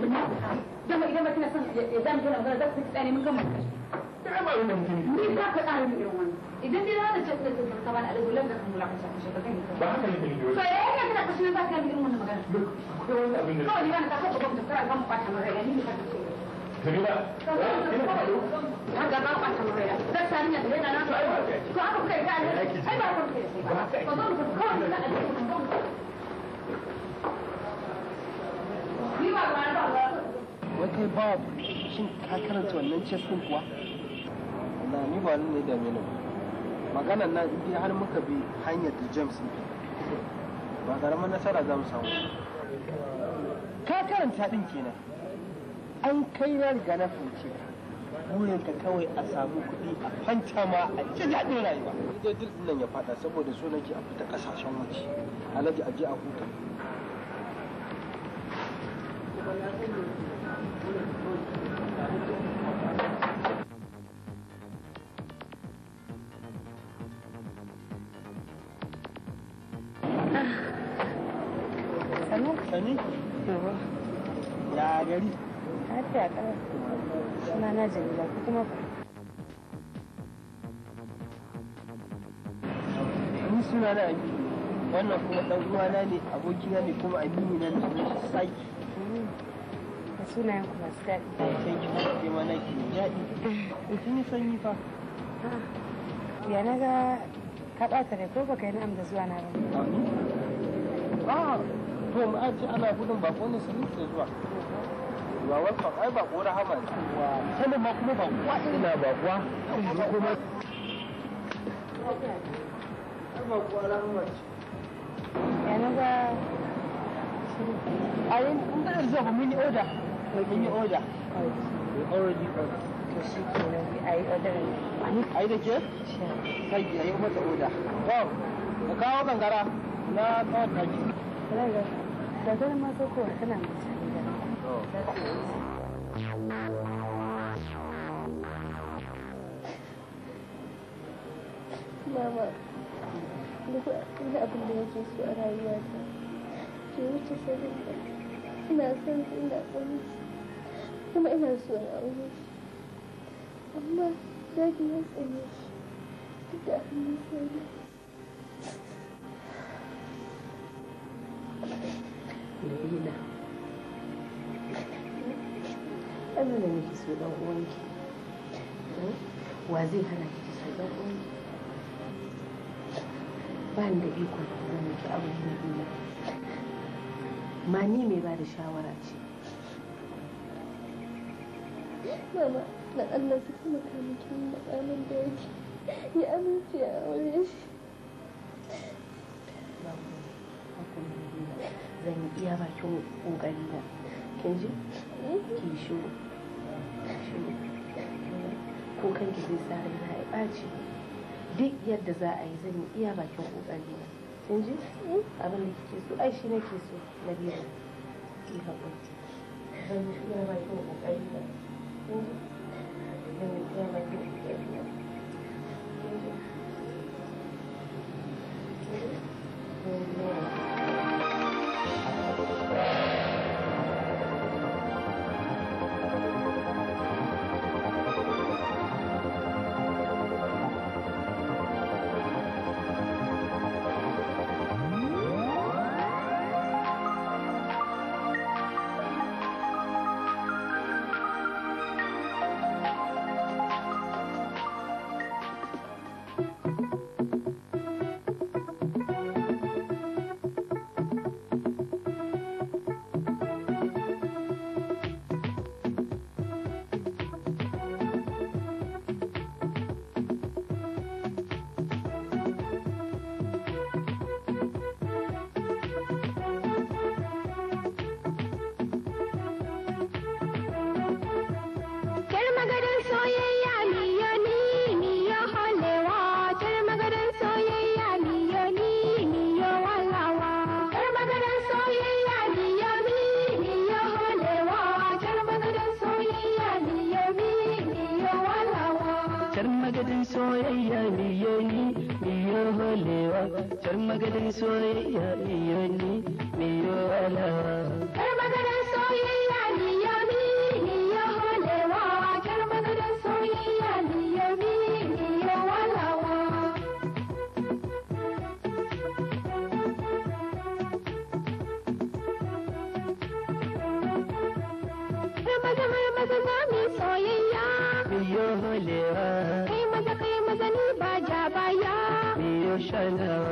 Ya zama gina magana za su fi tsani mun gama. Ya ma yi da mutum. Ni za ka tsara mu irin wannan. اذا دي انا شكلت طبعا انا بقول لك ده كان ملعب عشان هذا بقى كان بيجي فايه انا هذا عشان بقى كان بيجي من هذا هو اللي انا تاخد بقى هذا الجامعه بتاع المرايه يعني كده هذا بقى بتاع المرايه هذا ثانيه ده انا تعرف كده هذا اي بقى كده فضل في هذا لا Wata babu, shin ka هذا wannan cikin kuwa? Na ni هذا ne da mene ba. maganan nan in har muka bi hanyar da james ne ba karamin nasara za mu samu ka karanta din kenan an kai na riga na ka kawai a samu kuɗi a fanta ma a cikin daɗin rayuwa dai dil nan ya fada saboda so nake a fita ƙasashen waje alhaji a a huta lafiya ƙarar suna na jamila ko kuma ba ni suna na abi wannan kuma ɗan na ne abokina ne kuma amini na da sunan saki da sunayen ku masu daɗi sai ki kuma ke mana ke daɗi in kin sanyi fa ah, ya na ga ka ɓata ne ko baka yi na'am da zuwa na ba ah, to mu ce ana gudun ba ko ne sun zuwa wa welcome ai ba rahama ne sanin ma kuma ba kuwa ina ba kuwa kuma ba rahama ce yana ba a yi ɗan zuwa ba mun oda mun yi oda already order to shi ke nan a yi oda a yi da ke? sai a yi mata oda wow ka kawo kankara na tsawon taki. Raga, da zama ko kowa tana mace. Mama, duk wani abin da yake so a rayuwata, ki wuce sanin ina son ina son su kuma ina so na aure amma zaki ya da wanda nake so dan uwanki eh? wa zai hana ki ki so dan uwanki ba ni da iko da miki abu ne ne mani mai ba da shawara ce mama na Allah su kuma kamakin matsalin da yake ya amince a aure shi zan iya bakin kokari na kin ji mm-hmm. ki shi ko kan ki zai sa a ya ɓaci duk yadda za a yi zan yi iya bakin ƙoƙari na kin ji hmm, abin da kike so ai shi nake so na biyu ki haƙuri zan yi iya bakin ƙoƙari na zan yi iya bakin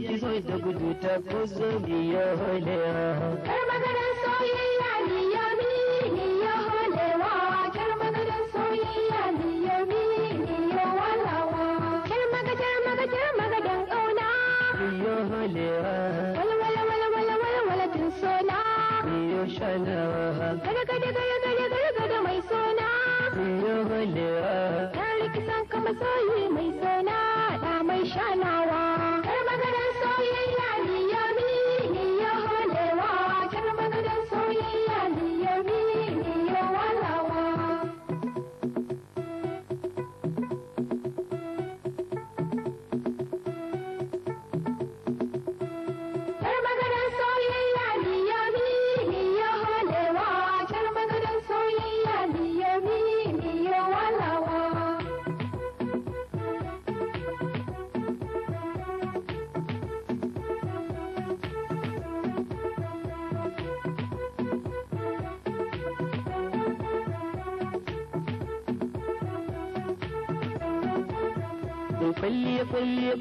gudu ta Kar soyayya ni ya mi soyayya ni ya mi ni ya Kar mai sona. Ya holewa. Kar kisan kama mai sona da mai shanawa.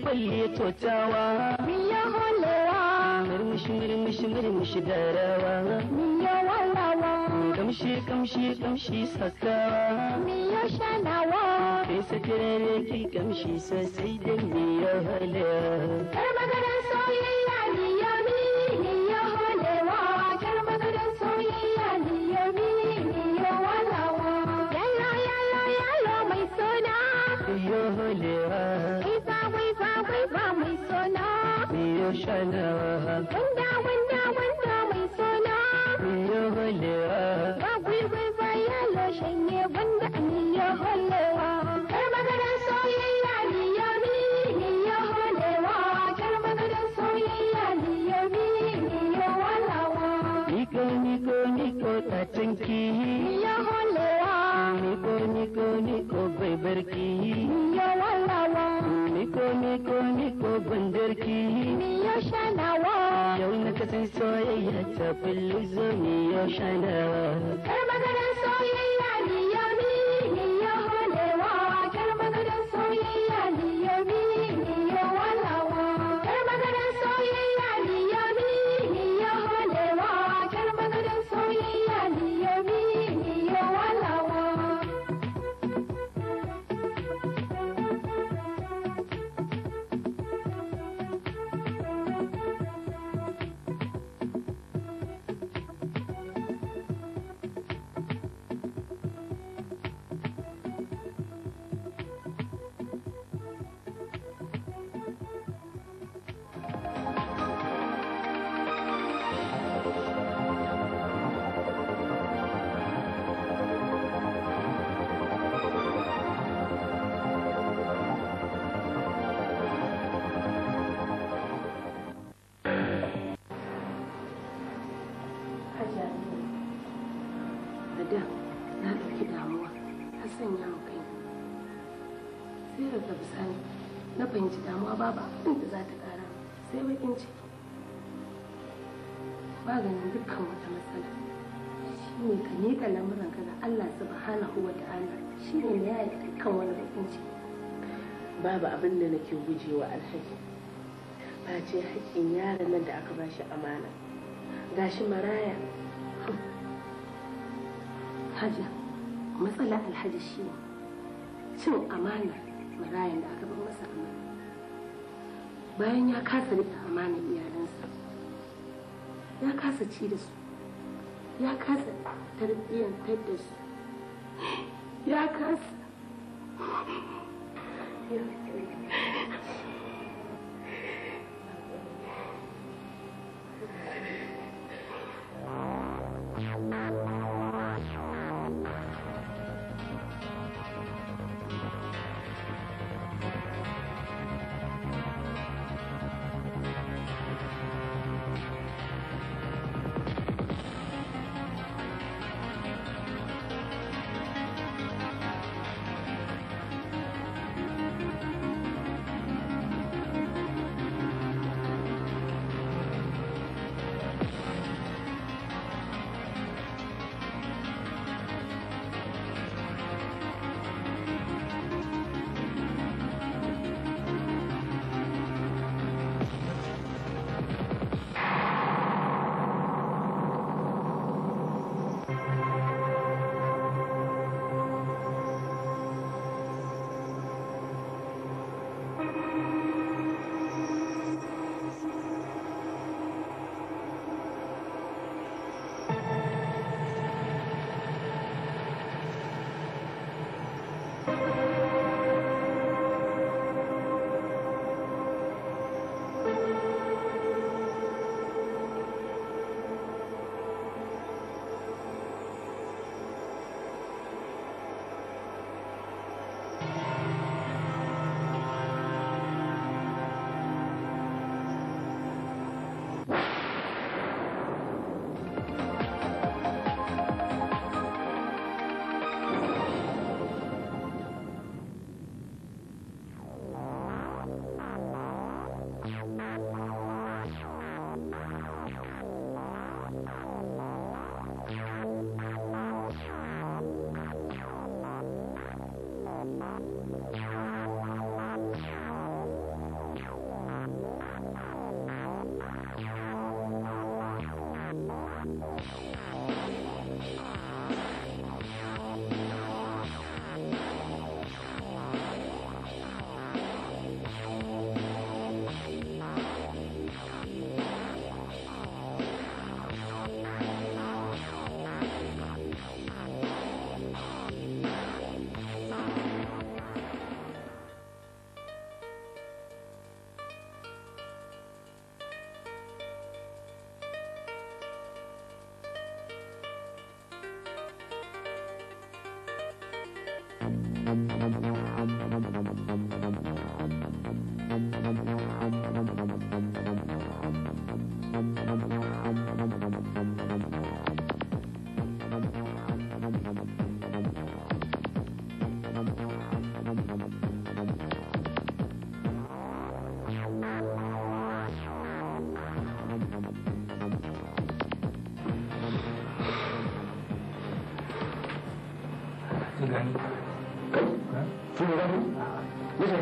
falle totawa. Miya holewa. Murmushi murmushi murmushi da rawa. Miya walawa. Kamshi kamshi kamshi sakawa. Miya shanawa. Kai sakarare kai kamshi sosai da miya holewa. yoshana wanda wanda wanda mai sona yo holewa ba gwiwar baya lo ni yo kar soyayya ni yo ni yo kar ni yo mi ni yo walawa ko ni yo ni yo walawa shanawa yau na kasan soyayya ta fullu zo mi yau shanawa kar maganar soyayya ni yau babu abin da nake gujewa alhaji ce haƙƙin yaran nan da aka bashi amana gashi maraya hajji matsala alhaji shi ne cin amana marayan da aka bar masa amana bayan ya kasa riƙe amana iyalansa ya kasa ci da su ya kasa tarbiyyantar da su ya kasa Я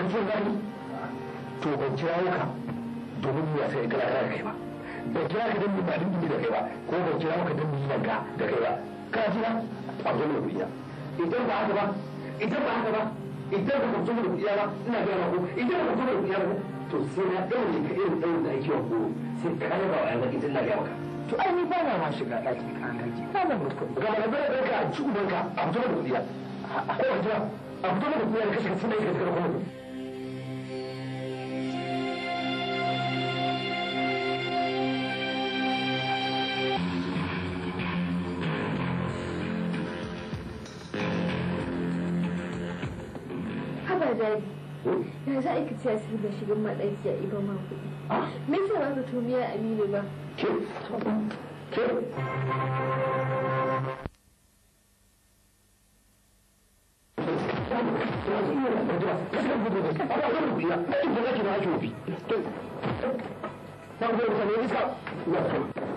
jin daɗi to ban kira ka domin ya sai gara da kai ba ban kira ka dan ba dindin da kai ba ko ban kira ka dan mu nan da kai ba ka ji ba na kwazo ne ruya idan ba haka ba idan ba haka ba idan ba kwazo ne ruya ba ina ga ku idan ba kwazo ne ruya ba to sai na daure ka irin daure da ake wa sai ka ga ba wa yanzu idan na ga maka to ai ni ba na ma shiga ɗaki kan ɗaki ba na mutu ga ba da ɗauka a ci ubanka a fito da ruya ko ka ba a fito da ruya ka shiga sun da ka shiga kuma sai su da shigin maɗaki a iban man kuɗi. Me yasa ba ka tumiya Aminu ba? Ke, ke. Thank you.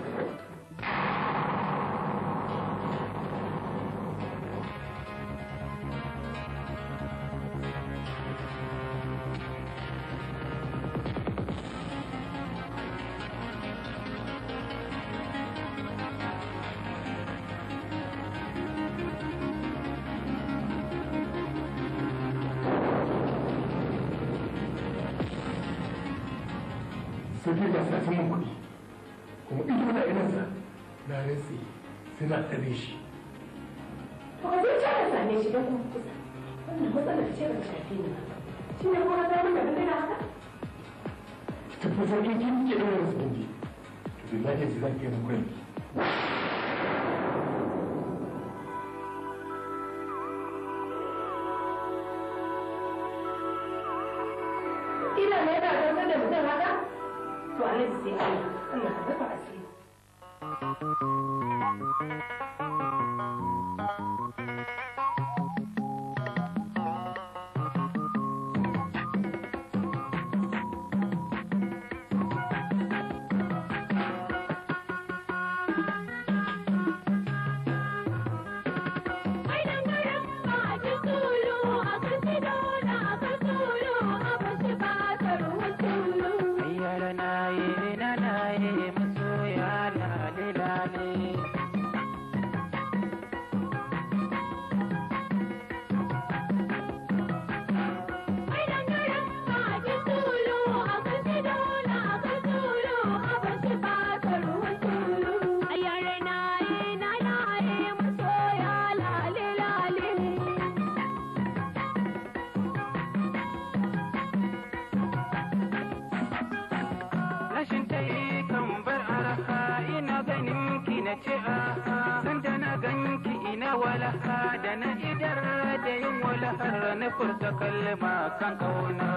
kurta kalma kan kauna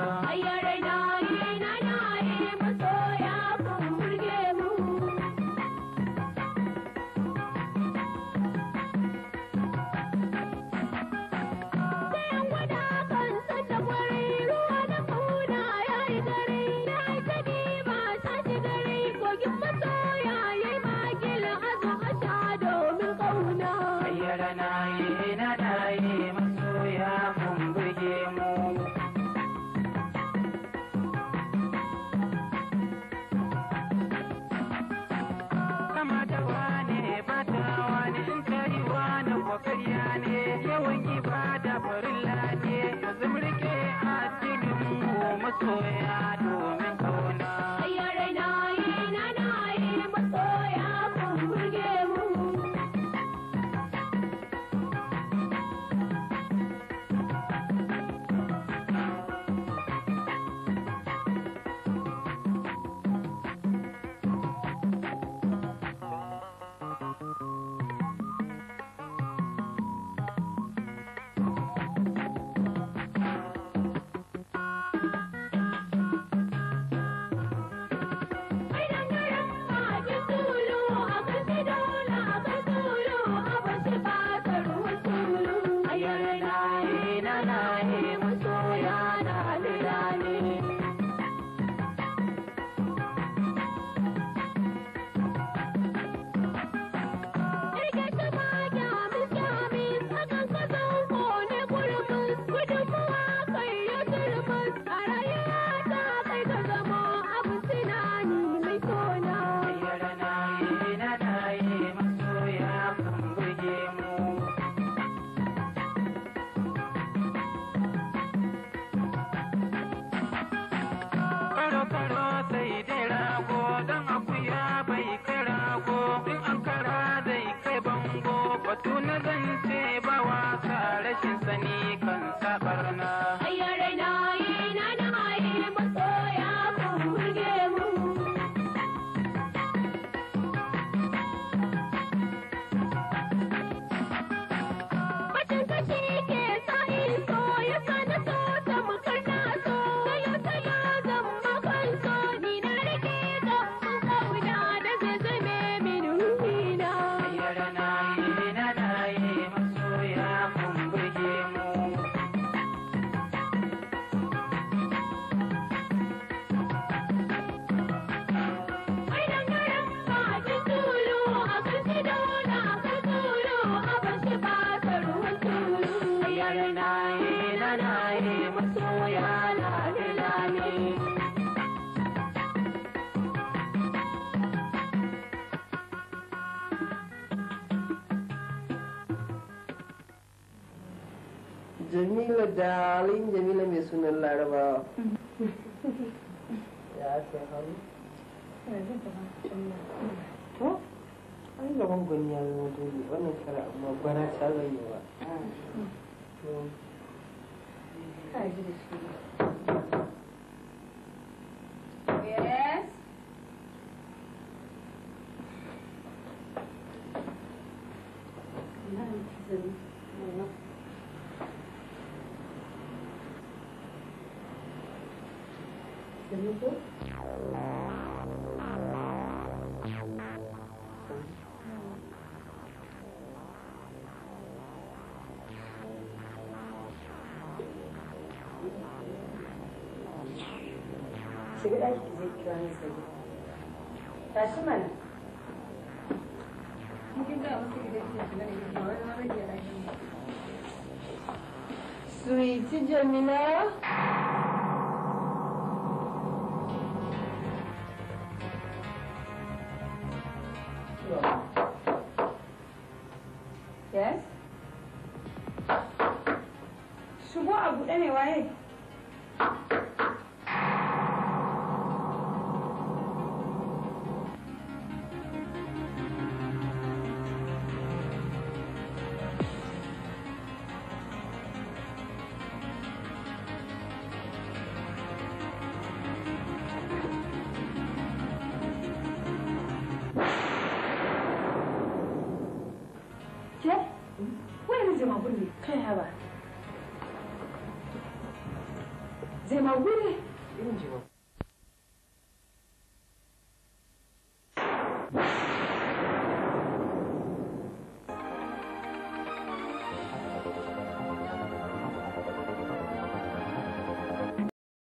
jamila darling jamila mai sunan larabawa ya ce hannu to an gaban gwani ya zama dole wannan kara amma gwara ta zai yi ba je ɗaki zai Jamila.